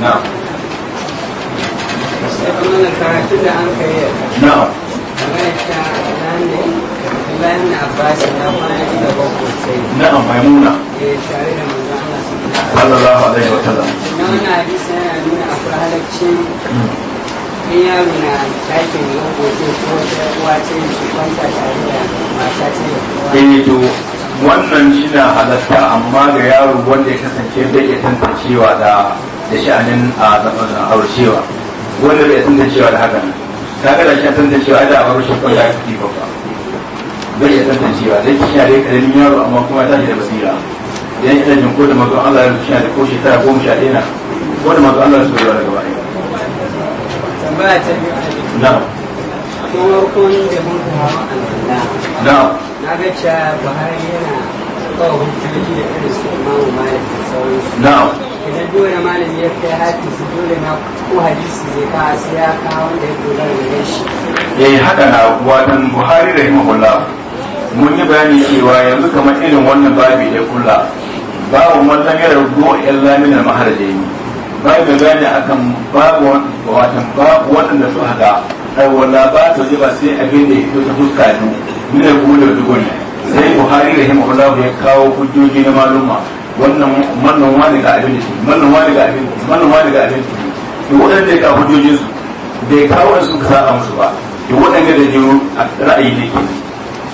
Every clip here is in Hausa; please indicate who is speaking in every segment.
Speaker 1: na'am na'am na'am maimuna sallallahu alaihi wa na wannan hadisi in yaro na ɗakin magoji ko ta uwa ce shi kwanta tare da mata ce da to wannan shi na halatta amma ga yaro wanda ya kasance bai iya tantancewa da da sha'anin a aurcewa wanda bai cewa da hakan ta kada shi cewa da a rushe kwaya kiki babba bai ya tantancewa zai ki shi dai karamin yaro amma kuma tashi da basira idan ina jin ko da mazo Allah ya shi da ko shekara goma ko da mazo Allah daga baya. tambaya ta biyu ko da na na ga cewa Buhari yana kawo da irin su idan dole malami ya kai hadisi dole na ko hadisi zai ka sai ya kawo wanda ya dogara da shi eh haka na watan buhari rahimahullah mun yi bayani cewa yanzu kamar irin wannan babi ya kula babu wannan ya rubo illa min al maharajaini bai da gane akan babu watan babu wannan da su hada ai wala ba ta ba sai abin da yake ta fuska ne ne gole da ne sai buhari rahimahullah ya kawo hujjoji na maluma wannan wannan wani ga abin da wannan wani ga abin wannan wani ga abin to waɗanda ka hujjojin su bai kawo da sun ka saba musu ba to waɗanda da jiyo ra'ayi ne ke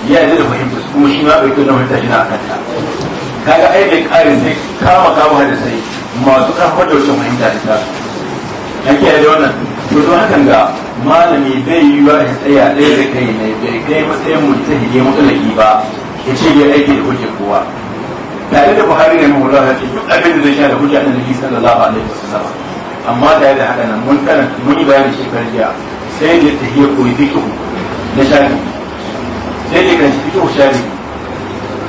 Speaker 1: ya yi da fahimta su kuma shi ma bai kai fahimta shi na akanta kaga ai bai ƙarin ne kama kama da sai masu ƙarfar da wasu fahimta da ta an kiyaye da wannan to don hakan ga malami bai yi wa ya tsaya ɗaya da kai ne bai kai matsayin mutahidi mutsalaki ba ya ce bai aiki da hujjar kowa da yadda buhari ne mu da ce duk abin da zai sha da hujja annabi sallallahu alaihi wasallam amma da yadda haka nan mun karanta mun yi bayani shekarar jiya sai da tahiyya koyi dikin na shari sai da kan fito shari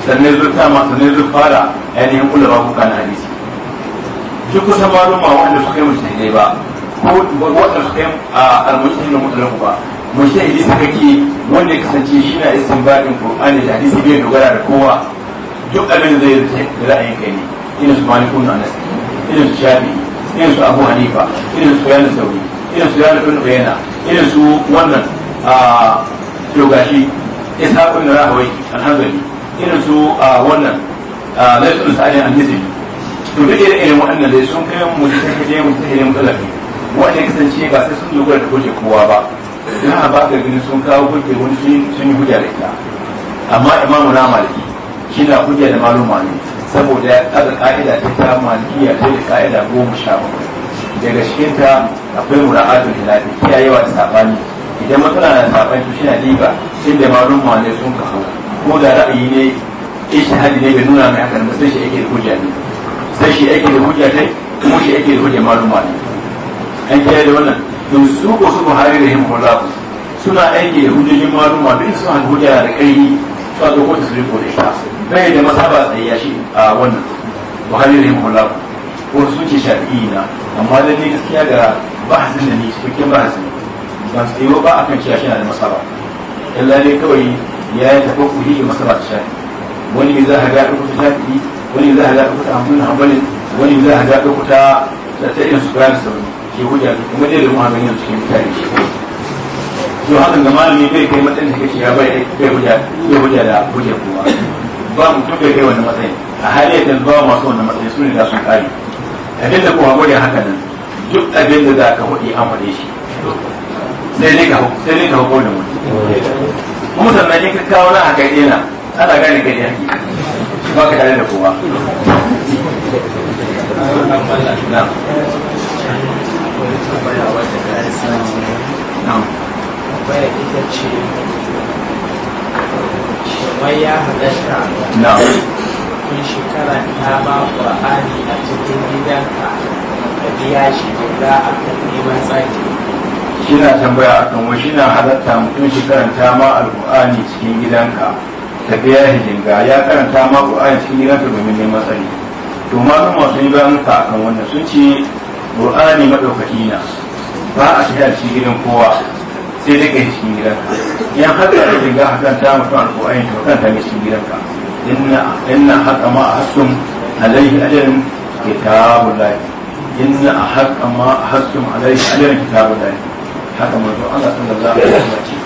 Speaker 1: sannan ta ma sannan zur fara ainihin kula ba kuka na hadisi duk kusa ma wanda suka yi mujtahidai ba ko wanda suka yi al-mujtahid na mutlaq ba mujtahidi suka ke wanda kasance shi na istinbadin qur'ani da hadisi bai dogara da kowa duk abin da zai ra'ayin kai ne irin su malik ibn anas irin su shafi irin su abu hanifa irin su yana sauri irin su yana ibn bayana irin su wannan a yogashi isa ibn rahawai alhamdulillah irin su wannan zai su sa'adin annisbi to duk irin irin waɗannan dai sun kai mu mutahide mutahide mutalafi wanda kasance ba sai sun dogara da goje kowa ba don ba ka gani sun kawo goje wani sun yi hujja da ita amma imamu na maliki kina na hujja da malum malum saboda ya kada ka'ida ta ta malikiya ta da ka'ida goma sha bakwai daga cikin ta akwai mura'atu da lafi kiyayewa da sabani idan matsala na sabani to shine diba da malum malai sun ka kafu ko da ra'ayi ne ishi hadi ne bai nuna mai hakan ba sai shi yake da hujja ne sai shi yake da hujja dai kuma shi yake da hujja malum malai an kiyaye da wannan don su ko su buhari da himmullah suna aiki da hujjojin malum malai sun hujja da kai su a dokar da su riko da shi bai da masaba da ya shi a wannan buhari ne mu lafu ko su ce shafi'i na amma da ne gaskiya ga bahasin da ne cikakken bahasin ba su yi ba akan cewa shi na da masaba illa ne kawai ya yi tafi kuri da masaba ta shafi wani za a ga ɗaukuta shafi'i wani za a ga ɗaukuta hamdun hambalin wani za a ga ɗaukuta ta ta irin su bayan sauri ke hujja kuma dai da muhammadin yanzu cikin mutane to hakan ga malami bai kai matsayin da kake ya bai hujja da hujja kuma ba mu duk da kai wani matsayi a halin da ba masu wani matsayi su ne da kare abin da kuma haka nan duk abin da za ka faɗi an faɗe shi sai ne ka sai ne ka hukun da kuma sannan in ka kawo na haka ɗina ana gane kai yaki ba ka tare da kowa na'am kamar ya halatta na kun shekara ta ba ƙwa'ani a cikin gidanka da biya shi da a kan neman tsaki shina tambaya a akan wa shina halatta mutum shi karanta ma alƙur'ani cikin gidanka ta biya hijinga ya karanta ma ƙur'ani cikin gidanka domin neman tsari to malama sun yi bayan ka akan wannan sun ce ƙur'ani maɗaukaki na ba a shiga cikin gidan kowa sai dai cikin gidanka yan haka da riga hakan ta mutum alƙur'ani to kan ta ga cikin gidanka inna haka ma a hassun alaihi ajalin kitabu lahi inna haka ma a hassun alaihi ajalin kitabu lahi haka Allah sallallahu alaihi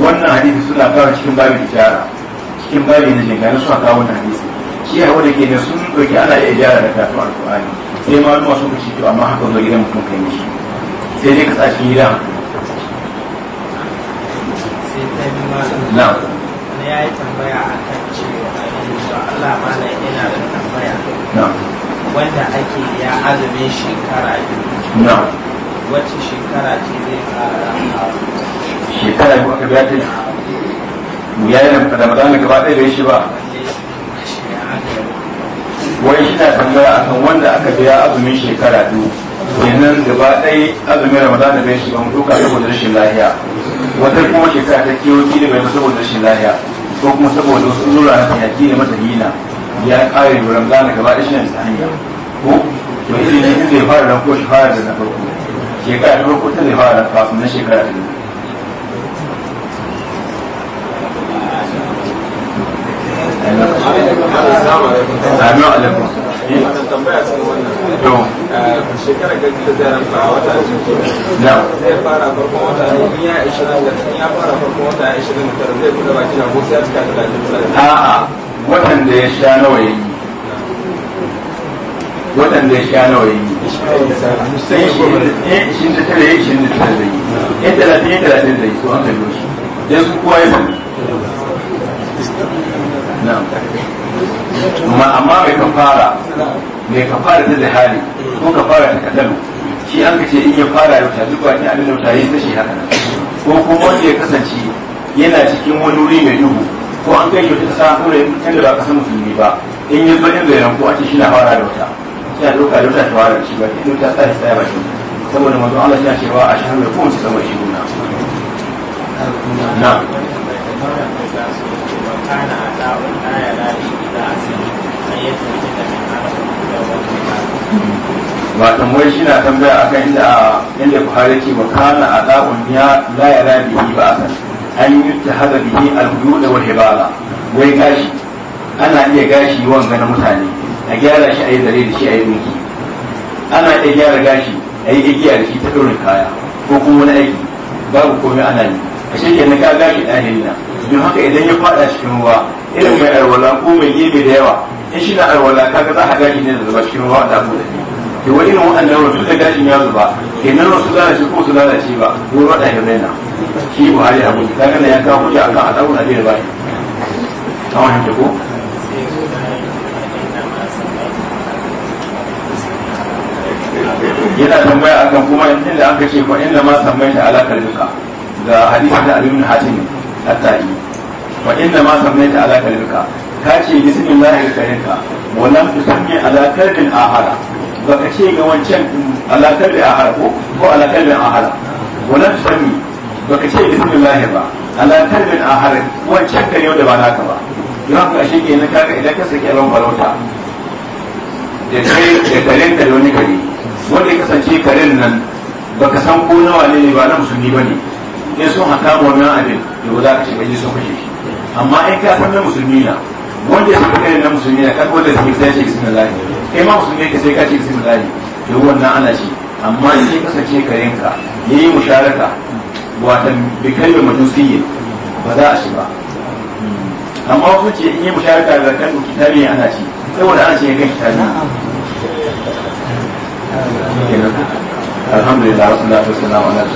Speaker 1: wannan hadisi suna kawo cikin babin ijara cikin babin na shekaru suna kawo wannan hadisi shi ya wanda ke da sun ɗauki ana iya gyara da karatun alƙur'ani sai ma wani masu kuci to amma haka zo gidan mutum kai mishi sai dai ka sa cikin gidan na'am wani ya yi tambaya a kan cewa Allah mana yana da tambaya wanda ake ya azumin shekara biyu wacce shekara ce zai fara shekara biyu aka biya ta yi ya yi da madana gaba ɗaya bai shi ba wai shi na tambaya a kan wanda aka biya azumin shekara biyu kenan gaba ɗaya azumin ramadana bai shi ba mutuka saboda rashin lahiya wata kuma shekara ta kewo kila bai saboda rashin lahiya ko kuma saboda wasu lura na yaki ne mata hina ya kare wurin gane gaba da shi ta hanya ko to shi ne inda ya fara da ko shi fara da na farko shekara ta farko ta zai fara da kafin na shekara ta biyu wannan tambaya a'a watan da ya sha nawa yi watan da ya sha nawa yi sai eh, ishirin da tara eh, eh, shi da yi ya talatin ya talatin yi so an kallo su yanzu kuwa ya na'am amma mai kafara mai kafara ta zihari ko kafara ta kadalu shi an ce in ya fara yau ta zuba abin ta yi ta haka ko kuma wanda ya kasance yana cikin wani wuri mai duhu ko an kai kyauta sa ko da kan ba kasan musulmi ba in ya bani da yanku a ce shi na fara da wata sai a doka da ta fara shi ba in ta shi tsaya ba shi saboda manzon Allah ya cewa a shahar da kuma su zama shi watan wai shi na tambaya kan inda inda buhari ke makana a da'un ya la ya rabihi ba akan an yi ta haɗa bihi al-buyud wal hibala wai gashi ana iya gashi wanga na mutane a gyara shi a yi zare da shi a yi ana iya gyara gashi a yi igiya da shi ta ɗaurin kaya ko kuma wani aiki babu komai ana yi shi ke na gaga shi ɗanin nan don haka idan ya fada cikin ruwa irin mai alwala ko mai gebe da yawa in shi na alwala kaga za a gashi ne da zuba cikin ruwa da abu da ne ke wani na waɗannan wasu da gashin ya zuba ke nan wasu lalace ko su lalace ba ko ruwa da hirme na shi buhari abu ta gana ya a kuce a al'abu a biyar bayan ta wani ko yana tambaya akan kuma inda aka ce ko inda ma sammai da alakar duka ga hadisi da abin hatim hatta yi wa inna ma samaita ala kalbika ka ce bismillahi kalbika wa ku tusammi ala kalbin ahara baka ce ga wancan ala kalbin ahara ko ko ala kalbin ahara wa lam ba baka ce bismillahi ba ala kalbin ahara wancan kare da ba naka ba don haka ashe kenan kaga idan ka saki ran farauta da kai da karen da wani kare wanda ya kasance karen nan baka san ko nawa ne ba na musulmi ne. in sun haka wannan abin da ba za ka ce ba sun kashe shi amma in ka san na musulmi na wanda ya saka kai na musulmi na kan wanda zai sai shi bismillah kai ma musulmi ka sai ka ce bismillah to wannan ana ce amma sai kasance karenka yayi musharaka watan bi kalmar majusiyya ba za a shi ba amma wasu ce in yi musharaka da kan kitabi ana ci wanda ana ce ya kan kitabi alhamdulillah wasu lafiya sallama